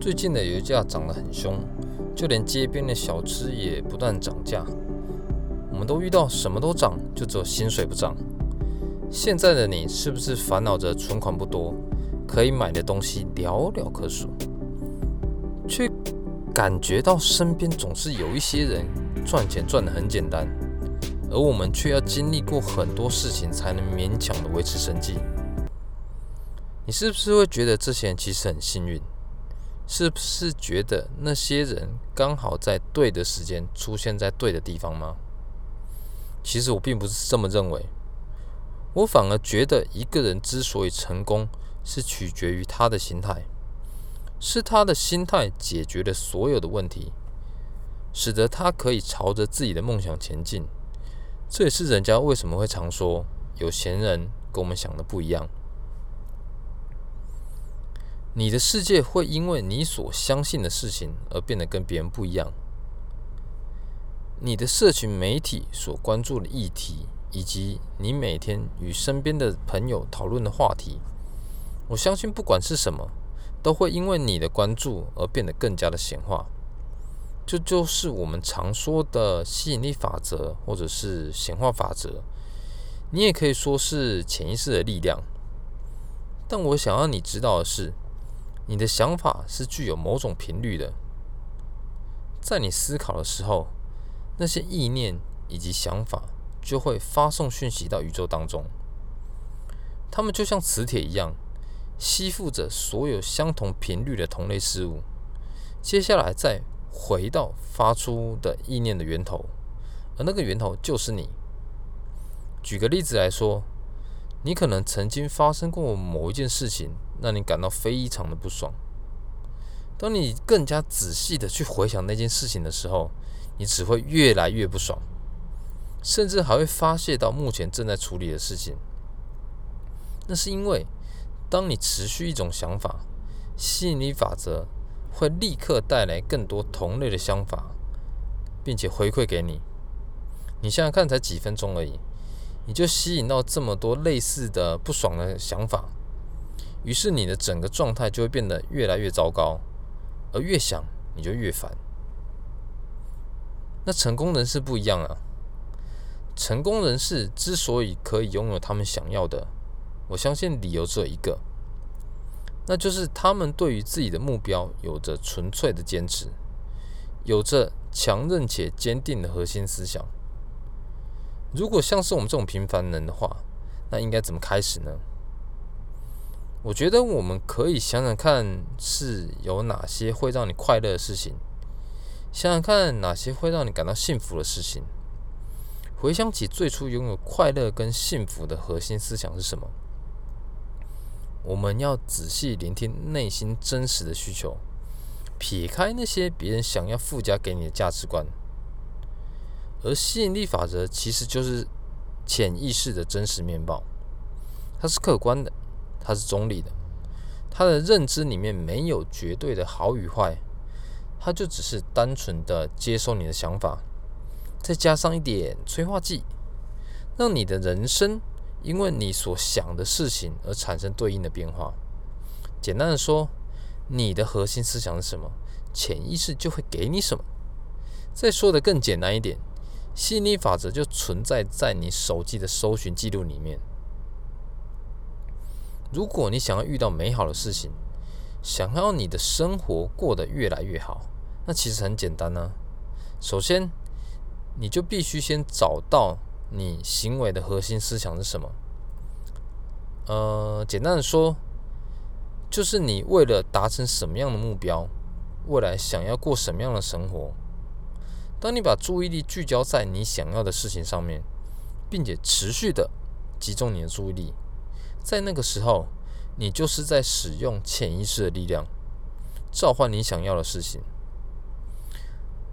最近的油價漲得很凶，就連街邊的小吃也不斷漲價。我們都遇到什麼都漲，就只有薪水不漲。現在的你是不是煩惱着的存款不多，可以買的東西寥寥可數，卻感覺到身邊總是有一些人賺錢賺得很簡單，而我們卻要經歷過很多事情才能勉強的維持生計？你是不是會覺得這些人其實很幸運？是不是覺得那些人剛好在對的時間出現在對的地方嗎？其實我並不是這麼認為，我反而覺得一個人之所以成功，是取決於他的心態，是他的心態解決了所有的問題，使得他可以朝着自己的夢想前進。這也是人家為什麼會常說有錢人跟我們想的不一樣。你的世界會因為你所相信的事情而變得跟別人不一樣。你的社群媒體所關注的議題，以及你每天與身邊的朋友討論的話題，我相信不管是什麼，都會因為你的關注而變得更加的顯化。這就是我們常說的吸引力法則，或者是顯化法則。你也可以說是潛意識的力量。但我想讓你知道的是。你的想法是具有某種頻率的，在你思考的時候，那些意念以及想法就會發送訊息到宇宙當中。它們就像磁鐵一樣，吸附着所有相同頻率的同類事物。接下來再回到發出的意念的源頭，而那個源頭就是你。舉個例子來說。你可能曾經發生過某一件事情，讓你感到非常的不爽。當你更加仔細地去回想那件事情的時候，你只會越來越不爽，甚至還會發洩到目前正在處理的事情。那是因為，當你持續一種想法，吸引力法則會立刻帶來更多同類的想法，並且回饋給你。你現在看才幾分鐘而已。你就吸引到這麼多類似的不爽的想法，於是你的整個狀態就會變得越來越糟糕，而越想你就越煩。那成功人士不一樣啊，成功人士之所以可以擁有他們想要的，我相信理由只有一個，那就是他們對於自己的目標有着純粹的堅持，有着強韌且堅定的核心思想。如果像是我們這種平凡人的話，那應該怎麼開始呢？我覺得我們可以想想看，是有哪些會讓你快樂的事情。想想看，哪些會讓你感到幸福的事情。回想起最初擁有快樂跟幸福的核心思想是什麼？我們要仔細聆聽內心真實的需求，撇開那些別人想要附加給你的價值觀。而吸引力法則其實就是潛意識的真實面貌，它是客觀的，它是中立的，它的認知裡面沒有絕對的好與壞，它就只是單純的接受你的想法，再加上一點催化劑，讓你的人生因為你所想的事情而產生對應的變化。簡單的說，你的核心思想是什麼，潛意識就會給你什麼。再說的更簡單一點。吸引力法則就存在在你手機的搜尋記錄裡面。如果你想要遇到美好的事情，想要你的生活過得越來越好，那其實很簡單呢、啊。首先，你就必須先找到你行為的核心思想是什麼。呃，簡單的說，就是你為了達成什麼樣的目標，未來想要過什麼樣的生活。當你把注意力聚焦在你想要的事情上面，並且持續的集中你的注意力，在那個時候，你就是在使用潛意識的力量召喚你想要的事情。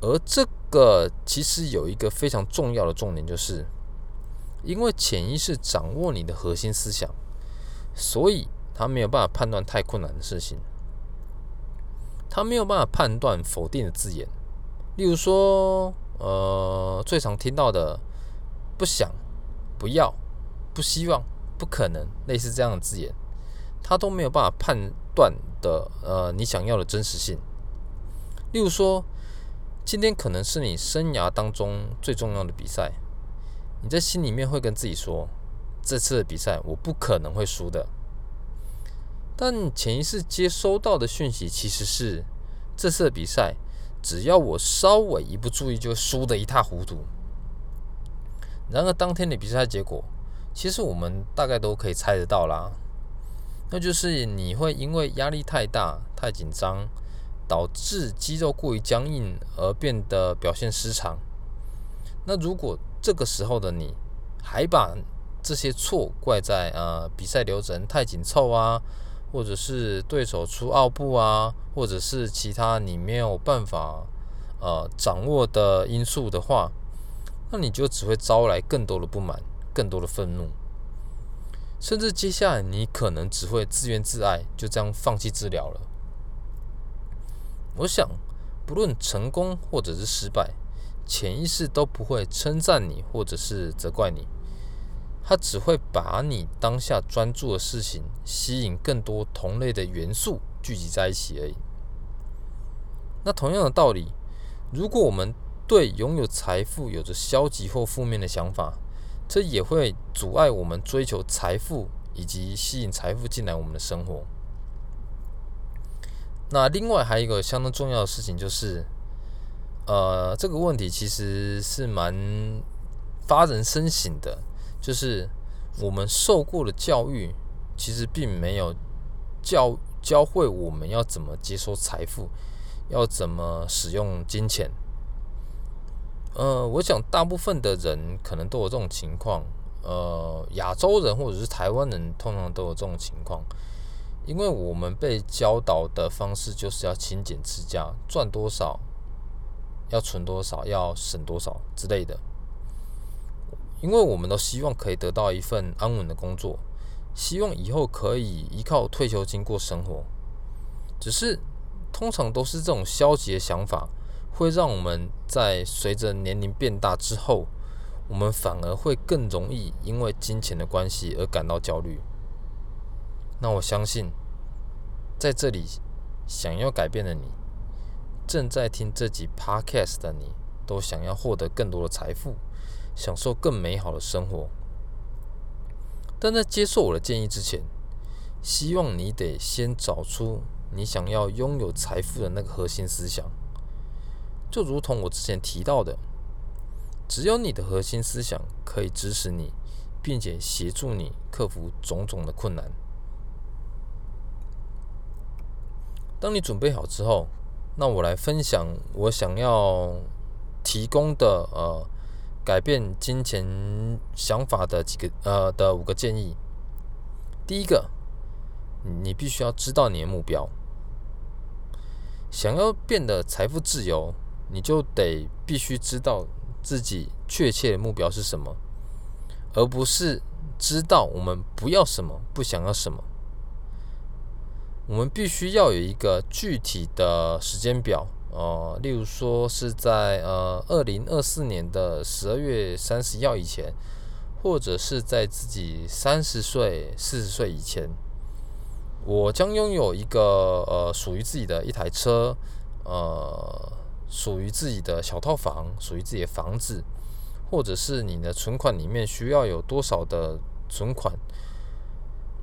而這個其實有一個非常重要的重點，就是因為潛意識掌握你的核心思想，所以它沒有辦法判斷太困難的事情。它沒有辦法判斷否定的字眼。例如說，呃，最常聽到的“不想”“不要”“不希望”“不可能”類似這樣的字眼，它都沒有辦法判斷的，呃，你想要的真實性。例如說，今天可能是你生涯當中最重要的比賽，你在心裡面會跟自己說：“這次的比賽我不可能會輸的。”但潛意識接收到的訊息其實是：“這次的比賽。”只要我稍微一不注意，就輸得一塌糊塗。然而，當天的比賽結果，其實我們大概都可以猜得到啦。那就是你會因為壓力太大、太緊張，導致肌肉過於僵硬而變得表現失常。那如果這個時候的你，還把這些錯怪在啊、呃、比賽流程太緊湊啊，或者是對手出奧步啊，或者是其他你沒有辦法呃掌握的因素的話，那你就只會招來更多的不滿、更多的憤怒，甚至接下來你可能只會自怨自艾，就這樣放棄治療了。我想，不論成功或者是失敗，潛意識都不會稱讚你或者是責怪你。他只會把你當下專注的事情吸引更多同類的元素聚集在一起而已。那同樣的道理，如果我們對擁有財富有着消極或負面的想法，這也會阻礙我們追求財富以及吸引財富進來我們的生活。那另外還有一個相當重要的事情就是，呃，這個問題其實是蠻發人深省的。就是我們受過的教育，其實並沒有教教會我們要怎麼接收財富，要怎麼使用金錢。呃，我想大部分的人可能都有這種情況。呃，亞洲人或者是台灣人通常都有這種情況，因為我們被教導的方式就是要勤儉持家，賺多少要存多少，要省多少之類的。因為我們都希望可以得到一份安穩的工作，希望以後可以依靠退休金過生活。只是通常都是這種消極的想法，會讓我們在隨着年齡變大之後，我們反而會更容易因為金錢的關係而感到焦慮。那我相信，在這裡想要改變的你，正在聽這集 podcast 的你，都想要獲得更多的財富。享受更美好的生活，但在接受我的建議之前，希望你得先找出你想要擁有財富的那個核心思想。就如同我之前提到的，只有你的核心思想可以支持你，並且協助你克服種種的困難。當你準備好之後，那我來分享我想要提供的呃、改變金錢想法的幾個呃的五個建議，第一個，你必須要知道你的目標。想要變得財富自由，你就得必須知道自己確切的目標是什麼，而不是知道我們不要什麼，不想要什麼。我們必須要有一個具體的時間表。哦、呃，例如說是在呃二零二四年的十二月三十一號以前，或者是在自己三十歲、四十歲以前，我將擁有一個呃屬於自己的一台車，呃屬於自己的小套房，屬於自己的房子，或者是你的存款裡面需要有多少的存款，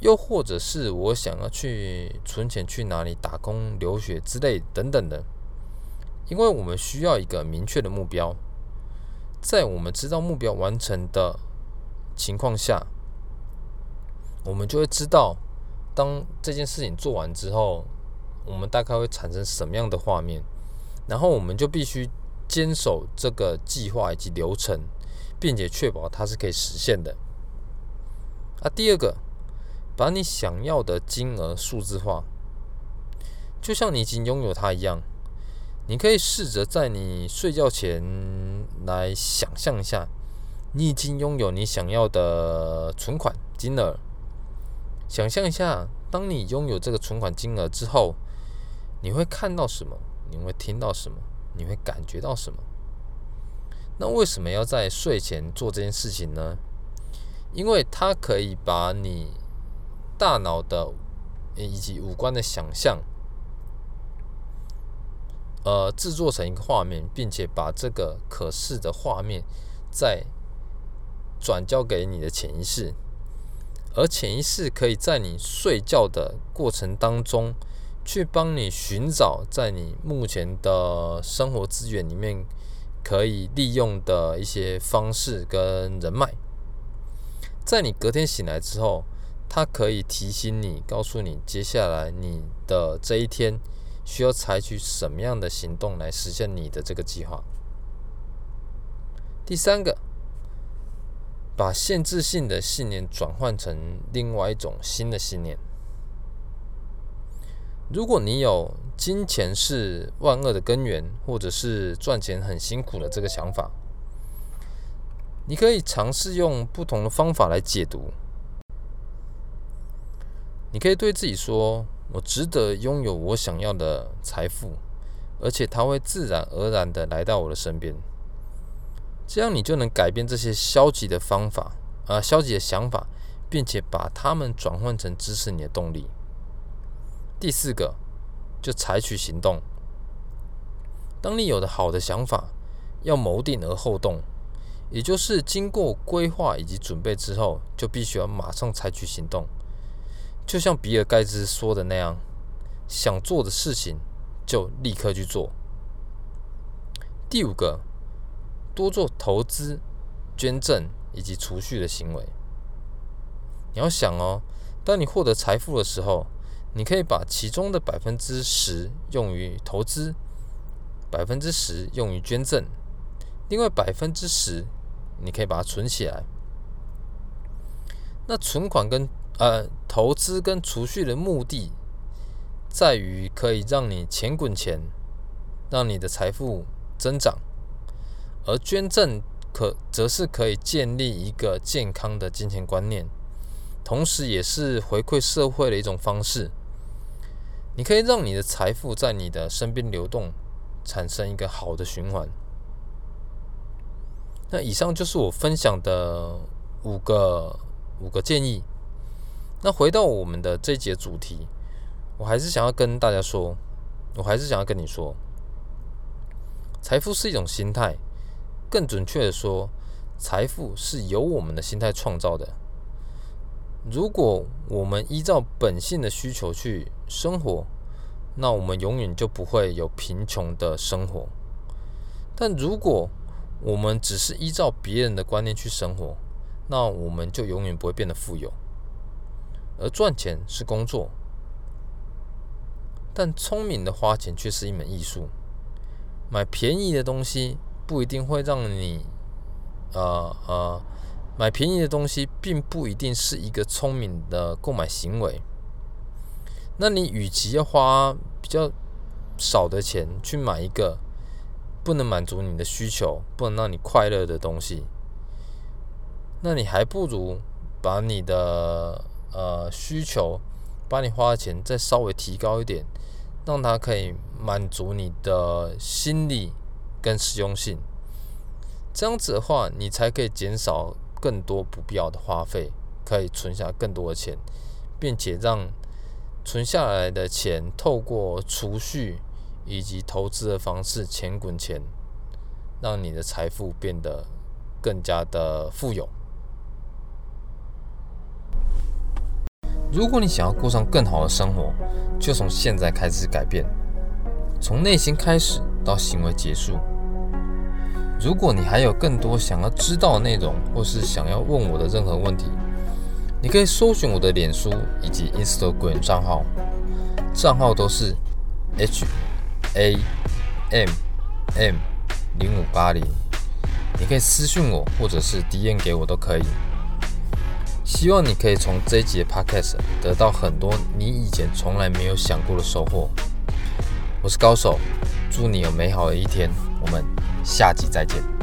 又或者是我想要去存錢去哪裡打工、留學之類等等的。因為我們需要一個明確的目標，在我們知道目標完成的情況下，我們就會知道，當這件事情做完之後，我們大概會產生什麼樣的畫面，然後我們就必須堅守這個計劃以及流程，並且確保它是可以實現的。啊，第二個，把你想要的金額數字化，就像你已經擁有它一樣。你可以試着在你睡覺前來想象一下，你已經擁有你想要的存款金額。想象一下，當你擁有這個存款金額之後，你會看到什麼？你會聽到什麼？你會感覺到什麼？那為什麼要在睡前做這件事情呢？因為它可以把你大腦的以及五官的想象。呃，製作成一個畫面，並且把這個可視的畫面再轉交給你的潛意識，而潛意識可以在你睡覺的過程當中，去幫你尋找在你目前的生活資源裡面可以利用的一些方式跟人脈，在你隔天醒來之後，它可以提醒你，告訴你接下來你的這一天，需要採取什麼樣的行動來實現你的這個計劃？第三個，把限制性的信念轉換成另外一種新的信念。如果你有“金錢是萬惡的根源”或者是“賺錢很辛苦”的這個想法，你可以嘗試用不同的方法來解讀。你可以對自己說：我值得擁有我想要的財富，而且它會自然而然的來到我的身邊。這樣你就能改變這些消極的方法，啊、呃，消極的想法，並且把它們轉換成支持你的動力。第四個，就採取行動。當你有了好的想法，要謀定而後動，也就是經過規劃以及準備之後，就必須要馬上採取行動。就像比爾·蓋茨說的那樣，想做的事情就立刻去做。第五個，多做投資、捐贈以及儲蓄的行為。你要想哦，當你獲得財富的時候，你可以把其中的百分之十用於投資，百分之十用於捐贈，另外百分之十你可以把它存起來。那存款跟.呃，投資跟儲蓄的目的，在於可以讓你錢滾錢，讓你的財富增長；而捐贈可則是可以建立一個健康的金錢觀念，同時也是回饋社會的一種方式。你可以讓你的財富在你的身邊流動，產生一個好的循環。那以上就是我分享的五個五個建議。那回到我們的這節主題，我還是想要跟大家說，我還是想要跟你說，財富是一種心態，更準確的說，財富是由我們的心態創造的。如果我們依照本性的需求去生活，那我們永遠就不會有貧窮的生活；但如果我們只是依照別人的觀念去生活，那我們就永遠不會變得富有。而賺錢是工作，但聰明的花錢卻是一門藝術。買便宜的東西不一定會讓你，啊啊買便宜的東西並不一定是一個聰明的購買行為。那你與其要花比較少的錢去買一個不能滿足你的需求、不能讓你快樂的東西，那你還不如把你的。呃，需求，把你花的錢再稍微提高一點，讓它可以滿足你的心理跟實用性。這樣子的話，你才可以減少更多不必要的花費，可以存下更多的錢，並且讓存下來的錢透過儲蓄以及投資的方式，錢滾錢，讓你的財富變得更加的富有。如果你想要過上更好的生活，就從現在開始改變，從內心開始到行為結束。如果你還有更多想要知道的內容，或是想要問我的任何問題，你可以搜尋我的臉書以及 Instagram 賬號，賬號都是 H A M M 零五八零，你可以私訊我，或者是 DM 給我都可以。希望你可以從這一集的 podcast 得到很多你以前從來沒有想過的收穫。我是高手，祝你有美好的一天。我們下集再見。